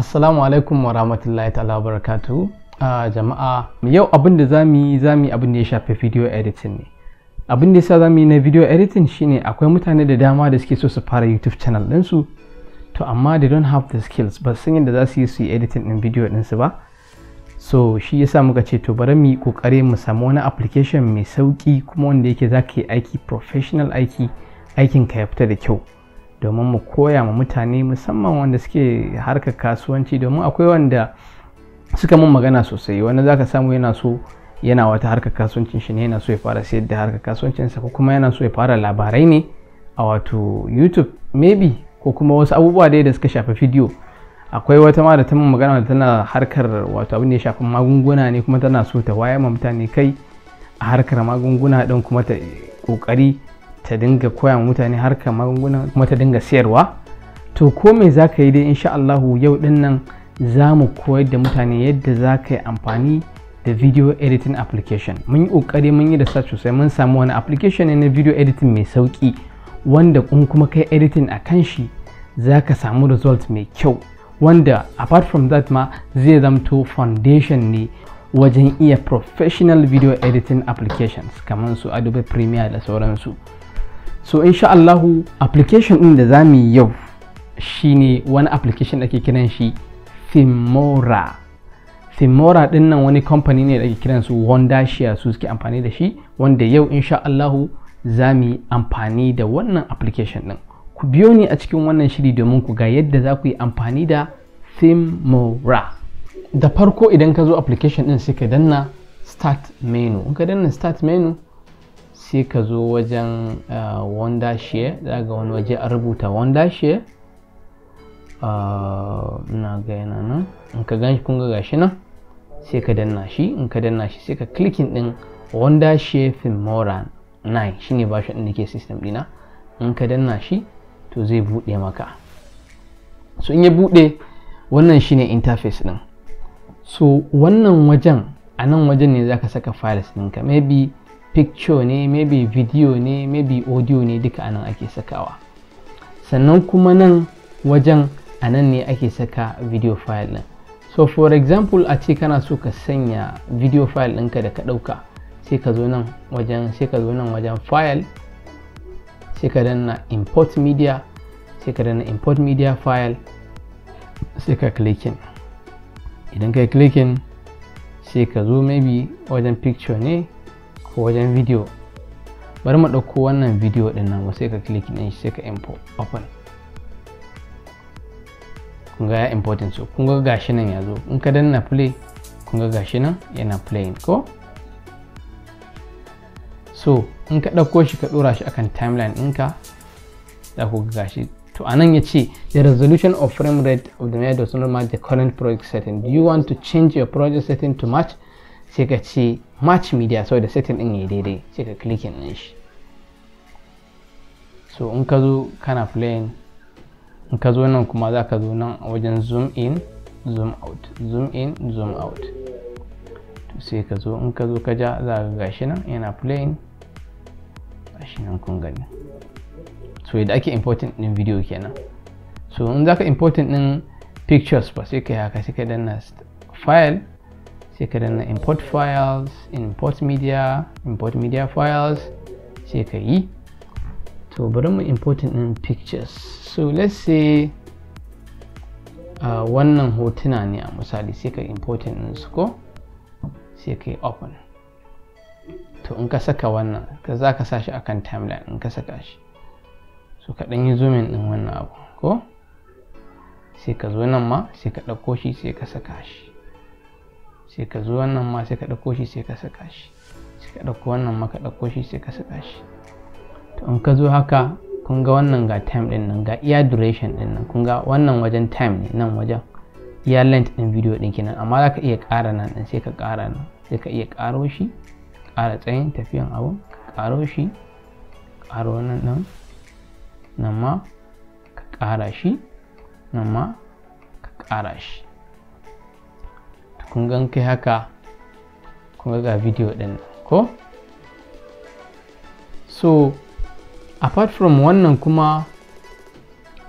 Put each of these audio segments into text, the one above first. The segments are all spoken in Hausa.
Assalamu alaikum wa rahmatullahi ta'ala wa barakatu. a ah, jama'a yau abin da zamu yi zamu yi abin da ya shafi video editing ne. Abin da yasa zamu yi na video editing shine akwai mutane da dama da suke so su fara YouTube channel ɗinsu to amma they don have the skills ba sun yadda za su yi su yi editing ɗin video ɗinsu ba. So shi yasa muka ce to bari mu yi mu samu wani application mai sauki kuma wanda yake zaka yi aiki professional aiki aikin ka ya fita da kyau. domin mu koya ma mutane musamman wanda suke harkar kasuwanci domin akwai wanda suka mun magana sosai wanda zaka samu yana so yana wata harkar kasuwancin shi ne yana so ya fara sayar da harkar kasuwancin sa ko kuma yana so ya fara labarai ne a wato youtube maybe ko kuma wasu abubuwa dai da suka shafi video akwai wata ma da ta magana da tana harkar wato abin da ya shafi magunguna ne kuma tana so ta waya ma mutane kai a harkar magunguna din kuma ta kokari ta dinga koya mutane harkar magunguna kuma ta dinga siyarwa to ko me za ka yi dai insha Allahu yau din nan za mu koyar da mutane yadda za ka yi amfani da video editing application mun yi ƙoƙari mun yi da search sosai mun samu wani application ne na video editing mai sauƙi wanda kun kuma kai editing a kan shi za ka samu result mai kyau wanda apart from that ma zai zamto foundation ne wajen iya professional video editing applications kamar su adobe premiere da sauransu so insha Allahu application ɗin da za mu yi yau shine wani application da ke kiran shi Filmora Filmora ɗin nan wani kamfani ne da ke kiran su Honda Share su suke amfani da shi wanda yau in Allahu za mu yi amfani da wannan application ɗin ku biyo ni a cikin wannan shiri domin ku ga yadda za ku yi amfani da Filmora da farko idan ka zo application ɗin sai ka danna start menu in ka danna start menu sai ka zo wajen ah, wanda share za ga wani waje a rubuta wanda share ah, na ga yana nan in ka gan kun ga gashi nan sai ka danna shi in ka danna shi sai ka klikin din wanda share filmora 9 shine bashin din ke system dina in ka danna shi to zai bude maka so in ya bude wannan shine interface din so wannan wajen a nan wajen ne zaka saka files ɗinka maybe picture ne maybe video ne maybe audio ne duka anan ake sakawa sannan kuma nan wajen anan ne ake saka video file din so for example a ce kana so ka sanya video file ɗinka da ka ɗauka sai ka zo nan wajen sai ka zo nan wajen file sai ka danna import media sai ka danna import media file sai ka clicking idan ka yi clicking sai ka zo maybe wajen picture ne Ko wajen video bari mu ɗauko wannan video ɗin nan sai ka click ɗin sai ka import open kun ga ya important so kun ga gashi nan ya zo in ka danna play kun ga gashi nan yana playing ko so in ka ɗauko shi ka ɗora shi akan timeline ɗinka za ku ga gashi to anan ya ce the resolution of frame rate of the media does not match the current project setting do you want to change your project setting to match sai ka ce match media saboda setting din ya daidai sai ka clicking din shi so in ka zo kana playing in ka zo nan kuma za ka zo nan a wajen zoom in zoom out zoom in zoom out to sai ka zo in ka zo ka ja za ka ga shi nan yana playing ga shi nan kun gani so yadda ake important din video kenan so in za ka important din pictures ba sai ka yi haka sai ka danna file sai you can import files import media import media files sai ka yi to bari mu importing in pictures so let's say uh, wannan hotuna ne a misali sai ka import din su ko sai ka yi open to in saka wannan ka za ka sa shi akan timeline in ka saka shi so ka dan yi in ɗin wannan abu ko sai ka zo nan ma sai ka ɗauko shi sai ka saka shi sai ka zo wannan ma sai ka ɗauko shi sai ka saka shi sai ka ɗauko wannan ma ka ɗauko shi sai ka saka shi to in ka zo haka kun ga wannan ga time ɗin nan ga iya duration ɗin nan kun ga wannan wajen time ne nan wajen iya length ɗin video ɗin kenan amma za ka iya ƙara nan ɗin sai ka ƙara nan sai ka iya ƙaro shi ƙara tsayin tafiyan abun ka ƙaro shi ƙaro nan nan nan ma ka ƙara shi nan ma ka ƙara shi kun gan kai haka kun ga video din ko so apart from wannan kuma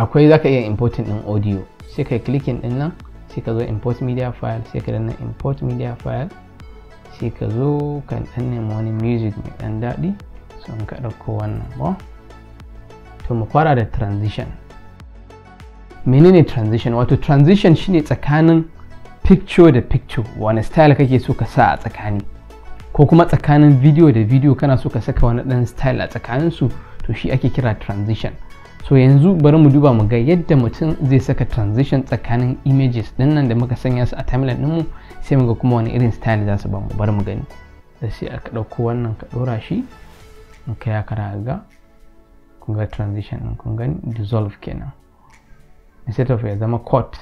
akwai zaka iya importing din audio sai kai clicking din nan sai ka zo import media file sai ka danna import media file sai ka zo kan dan nemi wani music mai dan daɗi so in ka dauko wannan ba to mu fara da transition menene transition wato transition shine tsakanin picture da picture wani style kake so ka sa a tsakani ko kuma tsakanin video da video kana so ka saka wani dan style a tsakanin su to shi ake kira transition so yanzu bari mu duba mu ga yadda mutum zai saka transition tsakanin images din nan da muka sanya su a timeline ɗinmu sai mu ga kuma wani irin style za su bamu bari mu gani da sai aka ɗauko wannan ka ɗora shi in ka ya kara ga kun ga transition din kun gani dissolve kenan instead of ya zama cut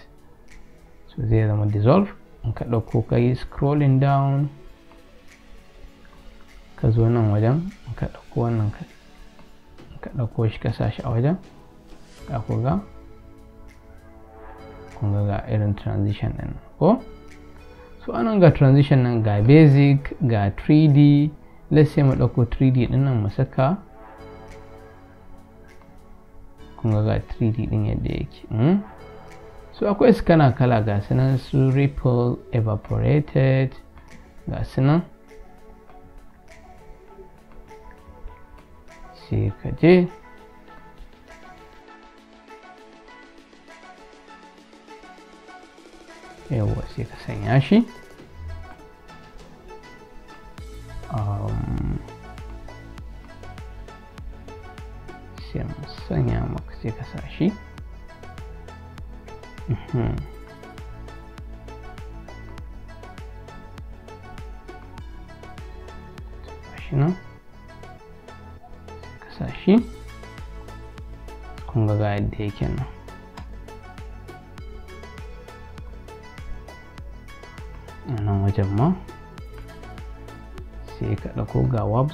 so zai zama dissolve in ka ɗauko ka yi scrolling down ka zo nan wajen in ka ɗauko wannan ka shi ka a wajen ka ga irin transition ɗin ko so anan ga transition nan ga basic ga 3d let's say mu ɗauko 3d ɗin nan mu saka kun ga 3d ɗin yadda yake hmm? so akwai su kana kala ga nan su ripple evaporated ga nan sai ka je yawwa sai ka sanya shi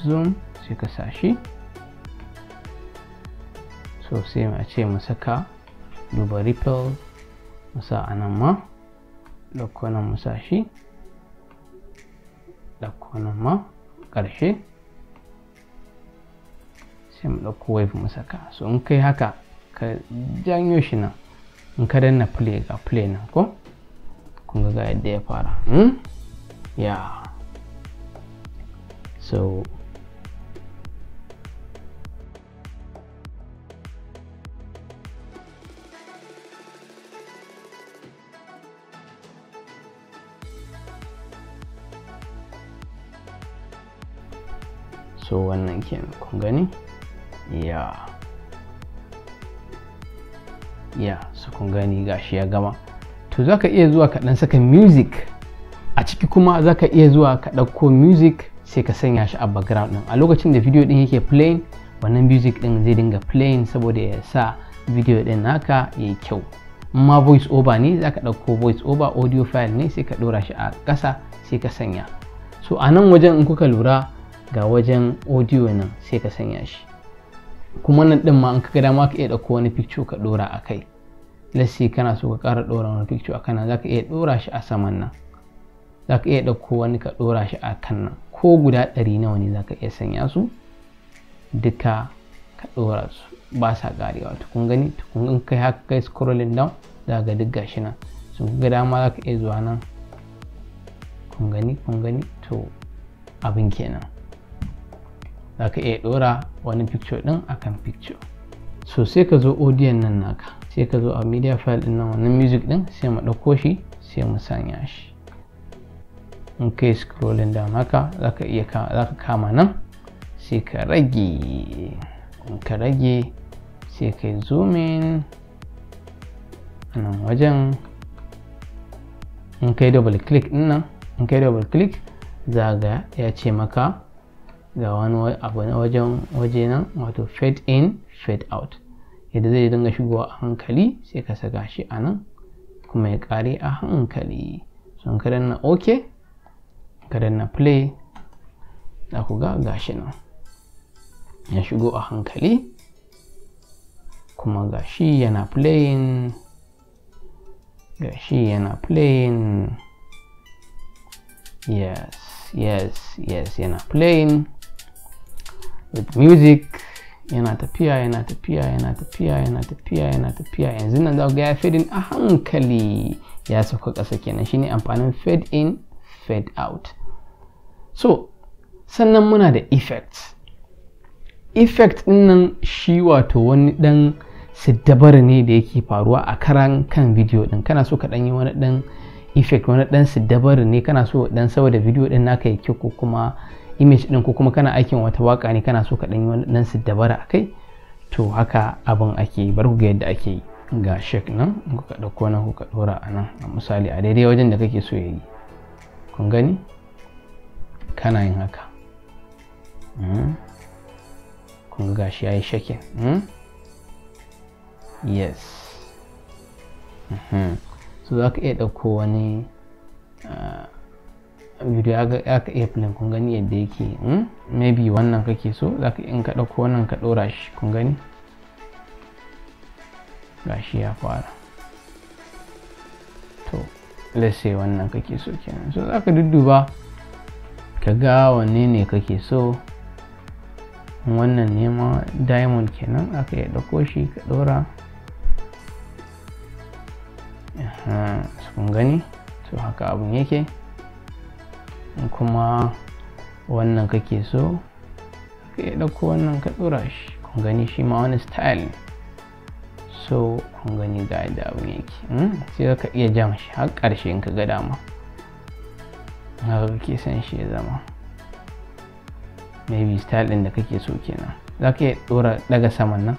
zoom sai ka sa shi so sai a ce mu saka duba ripple mu sa a nan ma ɗauko nan mu sa shi nan ma ƙarshe sai mu ɗauko wave mu saka so in kai haka ka janyo shi nan in ka danna play ga play nan ko kun ga yadda ya fara hmm? ya so so wannan kenan kun gani ya ya su kun gani gashi ya gama to zaka iya zuwa ka dan saka music a ciki kuma zaka iya zuwa ka ɗauko music sai ka sanya shi a background din a lokacin da video din yake playing wannan music din zai dinga playing saboda ya sa video din naka yayi kyau amma voice over ne zaka ɗauko voice over audio file ne sai ka ɗora shi a ƙasa sai ka sanya so a nan wajen in kuka lura ga wajen audio nan sai ka sanya shi kuma nan din ma an kaga dama ka iya dauko wani picture ka dora a kai lassi kana so ka kara dora wani picture a kana zaka iya dora shi a saman nan zaka iya dauko wani ka dora shi a kan nan ko guda ɗari nawa ne zaka iya sanya su duka ka dora su ba sa karewa to kun gani to kun kai haka kai scrolling down zaka ga duk gashi nan sun ga dama zaka iya zuwa nan kun gani kun gani to abin kenan za ka iya ɗora wani picture ɗin akan picture so sai ka zo audio nan naka sai ka zo a media file ɗin nan wannan music ɗin sai mu ɗauko shi sai mu sanya shi in ka yi scrolling down haka za ka iya za ka kama nan sai ka rage in ka rage sai ka yi in a nan wajen in ka yi double click ɗin nan in ka yi double click za ga ya ce maka ga wani abu na wajen waje nan wato fade in fade out yadda zai dinga shigowa a hankali sai ka saka shi a nan kuma ya kare a hankali sun ka danna ok ka danna play da ku ga gashi nan ya shigo a hankali kuma gashi yana playing gashi yana playing yes yes yes yana playing with music yana tafiya yana tafiya yana tafiya yana tafiya yana tafiya yanzu nan za ku ga ya fade in a hankali ya sauka ƙasa kenan shine amfanin fade in fade out so sannan muna da effect effect din nan shi wato wani dan siddabar ne da yake faruwa a karan kan video din kana so ka dan yi wani dan effect wani dan siddabar ne kana so dan saboda video din naka ya kyau ko kuma image ɗin ko kuma kana aikin wata waka ne kana so ka ɗan yi wannan su dabara a kai to haka abin ake yi bar ku ga yadda ake yi ga shek nan kuka ɗauko nan kuka ɗora a nan a misali a daidai wajen da kake so ya yi kun gani kana yin haka hmm? kun ga shi ya yi shekin hmm? yes hmm. so za ka iya ɗauko wani ah, video ya ka iya filin kun gani yadda yake hmm? maybe wannan kake so za ka in ka ɗauko wannan ka ɗora shi kun gani shi ya fara to let's say wannan kake so kenan so za ka dudduba ka ga wanne ne kake so wannan nema diamond kenan aka iya ɗauko shi ka ɗora kun gani to haka abun yake kuma wannan kake so ka yi ɗauko wannan ka ɗora shi kun gani shi ma wani style so kun gani ga yadda abin yake hmm? sai ka iya jan shi har ƙarshe in ka ga dama haka kake son shi ya zama maybe style ɗin da kake so kenan za ka iya ɗora daga saman nan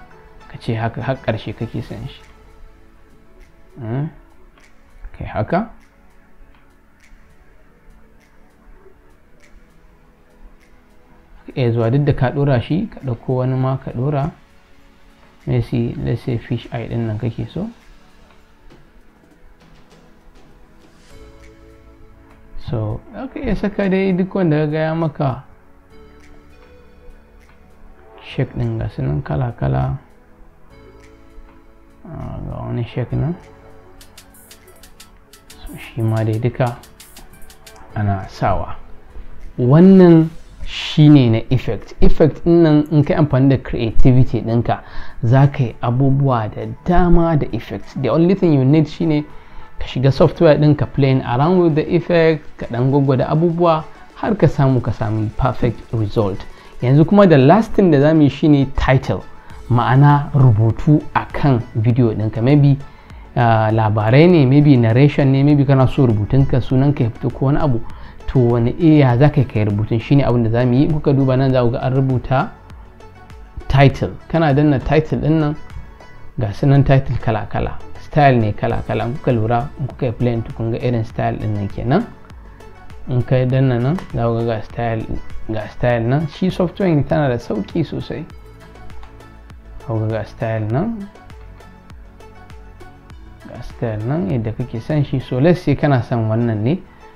ka ce haka har ƙarshe kake son shi hmm? kai haka ya zuwa duk da ka ɗora shi ka ɗauko wani ma ka ɗora messi let's say fish eye din nan kake so so ok ya saka dai duk wanda ga gaya maka shek ɗin ga nan kala-kala ah, ga wani shek nan so shi ma dai duka ana sawa wannan shine na effect effect nan in kai amfani da creativity ɗinka za ka yi abubuwa da dama da effect the only thing you need shine ka shiga software ɗin ka playing around with the effect ka ɗan da abubuwa har ka samu ka samu perfect result yanzu kuma da last thing da za mu yi shine title ma'ana rubutu a kan video ɗinka maybe uh, labarai ne maybe narration ne maybe kana so rubutunka sunanka ya fito ko wani abu to wani iya za ka kai rubutun shine ne da za mu yi kuka duba nan za ku ga an rubuta title kana danna title din nan ga sunan title kala-kala style ne kala-kala kuka lura in kuka yi plan kun ga irin style din nan kenan in ka danna nan za ku ga style ga style nan shi software ne tana da sauki sosai ga ga style nan ga style nan yadda kake son shi so let's say kana son wannan ne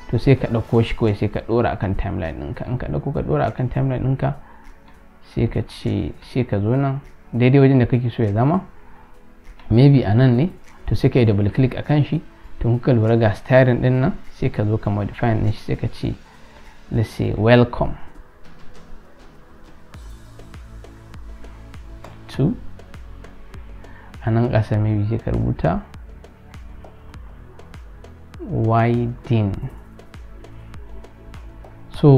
to sai ka ɗauko shi kawai sai ka ɗora akan timeline ɗinka in ka ɗauko ka ɗora akan timeline ɗinka sai ka ce sai ka zo nan daidai wajen da kake so ya zama maybe a nan ne to sai ka yi double click a kan shi to kuka lura ga styling ɗin nan sai ka zo ka modify ɗin shi sai ka ce let's say welcome to a nan ƙasa maybe sai ka rubuta widen so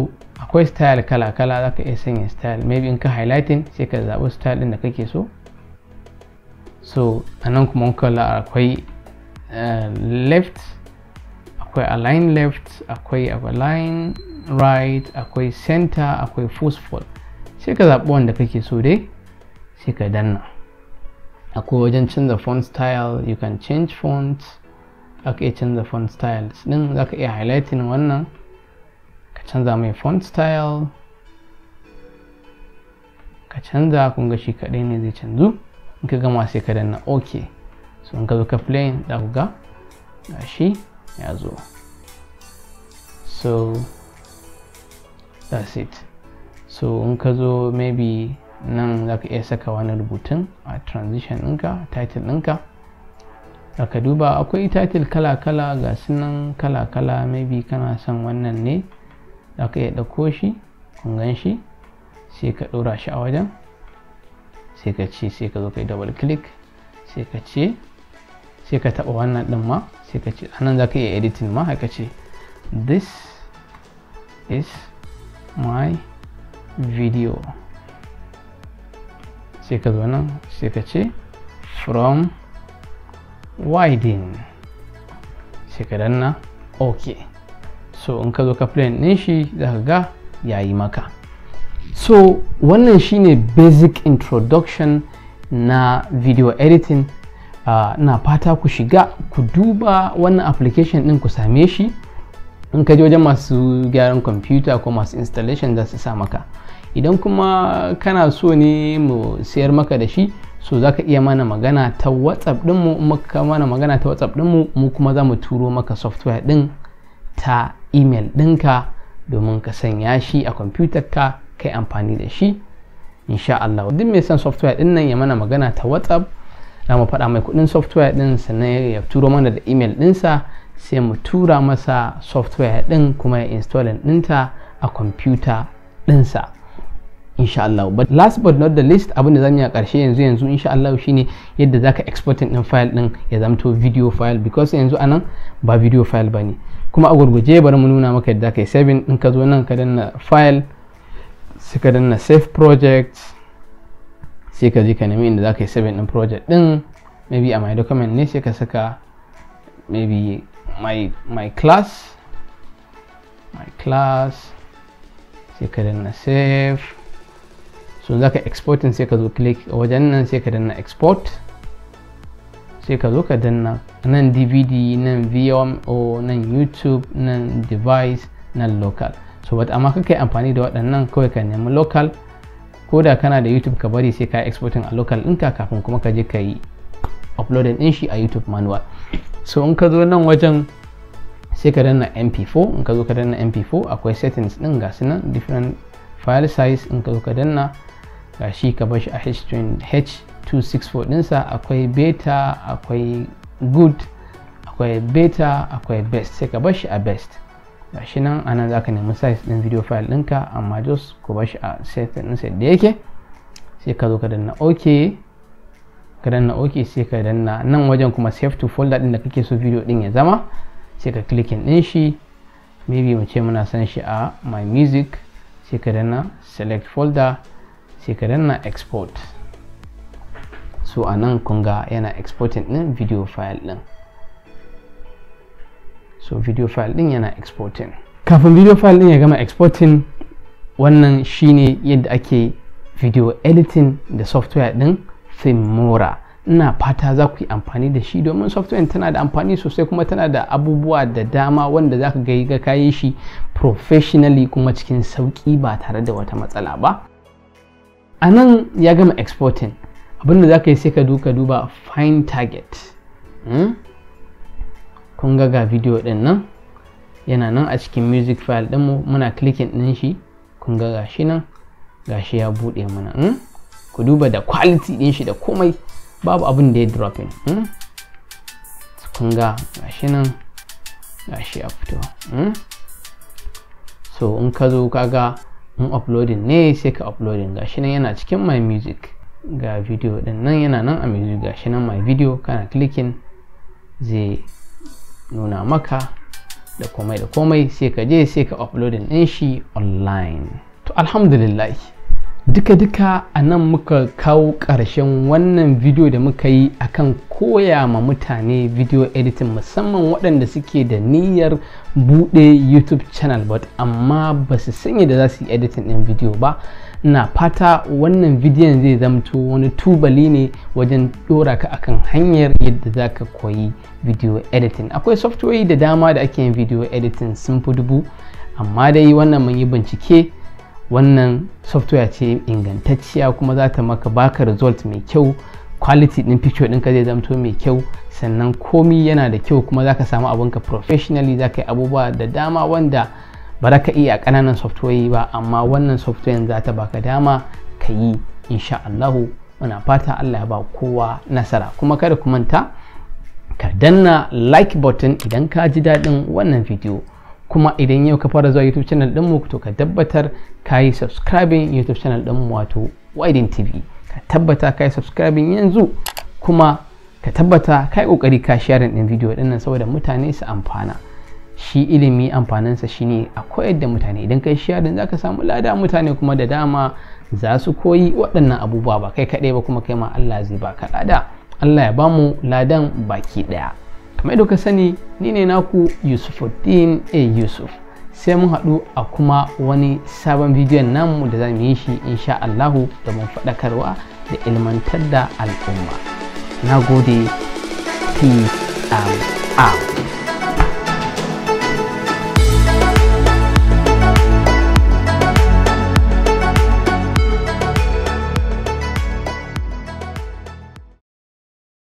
akwai style kala-kala za ka iya sanya style maybe in ka highlighting sai ka zaɓi style ɗin da kake so so anan nan kuma kala akwai eh, left akwai align left akwai align right akwai center akwai fall sai ka zaɓi wanda kake so dai sai ka danna akwai wajen canza font style you can change font aka iya canza font styles ɗin za ka iya highlighting wannan canza mai font style ka canza kun shi kaɗai ne zai canzu in ka gama sai ka danna ok so in ka zo ka plane za ku ga gashi ya zo so that's it so in ka zo maybe nan za ka iya saka wani rubutun a transition ɗinka title ɗinka ka duba akwai title kala-kala ga sunan kala-kala maybe kana son wannan ne za ka iya ɗauko shi kun gan shi sai ka ɗora shi a wajen sai ka ce sai ka zo ka yi double click sai ka ce sai ka taɓa wannan ɗin ma sai ka ce anan za ka iya editing ma haka ce this is my video sai ka zo nan sai ka ce from widening sai ka danna okay so in ka zo ka plan ɗin shi za ka ga yayi maka so wannan shine basic introduction na video editing uh, ah, na fata ku shiga ku duba wannan application ɗin ku same shi in ka je wajen masu gyaran computer ko masu installation za su sa maka idan kuma kana so ne mu sayar maka da shi so za ka iya mana magana ta whatsapp dinmu muka mana magana ta whatsapp dinmu mu kuma za mu turo maka software ɗin ta email ɗinka domin ka sanya shi a kwamfutar ka kai amfani da shi insha Allah duk mai san software ɗin nan ya mana magana ta whatsapp za mu faɗa mai kuɗin software ɗin sannan ya turo mana da email ɗinsa sai mu tura masa software ɗin kuma ya install ɗinta a kwamfuta ɗinsa insha Allah but last but not the least abin da zamu yi a karshe yanzu yanzu insha Allah shine yadda zaka exporting din file din ya zamto video file because yanzu anan ba video file bane kuma a gurguje bari mu nuna maka yadda kai saving din ka zo nan ka danna file sai ka danna save project sai ka je ka nemi inda zaka yi saving din project din maybe a my document ne sai ka saka maybe my my class my class sai ka danna save so za ka export din sai ka zo click a wajen nan sai ka danna export sai ka zo ka danna nan dvd nan vmo nan youtube nan device nan local so but amma kake amfani da waɗannan kawai ka nemi local ko da kana da youtube ka bari sai ka exporting a local ɗinka kafin kuma ka je ka yi uploading ɗin shi a youtube manual so in ka zo nan wajen sai ka danna mp4 in ka zo ka danna mp4 akwai settings ɗin ga nan different file size in ka zo ka danna ga shi ka bashi a h264 dinsa akwai beta akwai good akwai beta akwai best sai ka bashi a best ga shi nan anan za ka nemi size ɗin video file ɗinka amma just ku bashi a setting ɗinsa da yake sai ka zo ka danna ok ka danna ok sai ka danna nan wajen kuma save to folder ɗin da kake so video ɗin ya zama sai ka clicking ɗin shi maybe mu ce muna son shi a my music sai ka danna select folder shekarun na export so a nan kunga yana exporting din video file din so video file din yana exporting kafin video file din ya gama exporting wannan shine yadda ake video editing da software din filmora ina fata za ku yi amfani da shi domin software tana da amfani sosai kuma tana da abubuwa da dama wanda za ka ga kayi shi professionally kuma cikin sauki ba tare da wata matsala ba a nan ya gama exporting abinda za ka yi sai ka duka duba fine target hmm? kun ga ga video din nan yana nan a cikin music file mu muna clicking din shi kun ga shi nan gashi ya bude mana hmm? ku duba da quality din shi da komai babu abin da ya dropping hmm? kun ga shi nan gashi ya fito so in ka zo kaga in uploading ne sai ka uploading gashi nan yana cikin my music ga video din nan yana nan a music gashi nan my video kana clicking zai nuna maka da komai da komai sai ka je sai ka uploading din shi online to alhamdulillah duka-duka a nan muka kawo ƙarshen wannan video da muka yi akan koya ma mutane video editing musamman waɗanda suke da niyyar buɗe youtube channel but amma ba su sanya da za su yi editing ɗin video ba na fata wannan bidiyon zai zamto wani tubali ne wajen ɗora ka akan hanyar yadda za ka koyi video editing akwai software da dama da ake yin video editing sun fi dubu amma dai wannan mun yi bincike wannan software ce ingantacciya kuma za ta maka baka result mai kyau quality din picture ɗinka zai zamto mai kyau sannan komi yana da kyau kuma za ka samu abinka professionally za ka yi abubuwa da dama wanda ba za ka iya ƙananan software ba amma wannan software za ta baka dama ka yi insha Allahu muna fata Allah ya ba kowa nasara kuma kada ku manta ka danna like button idan ka ji daɗin wannan video. kuma idan yau ka fara zuwa youtube channel ɗinmu to ka tabbatar ka yi subscribing youtube channel ɗinmu wato widen tv ka tabbata ka yi subscribing yanzu kuma ka tabbata ka yi ƙoƙari ka share ɗin video ɗin nan saboda mutane su amfana shi ilimi amfaninsa shine a yadda da mutane idan kai share za ka samu lada mutane kuma da dama za su koyi waɗannan abubuwa ba kai kaɗai ba kuma kai ma Allah zai baka lada Allah ya bamu ladan baki ɗaya kamar yadda sani ni ne naku yusufuddin a yusuf sai mun haɗu a kuma wani sabon bidiyon namu da za mu yi shi insha allahu da domin faɗakarwa da ilmantar da al'umma na gode peace out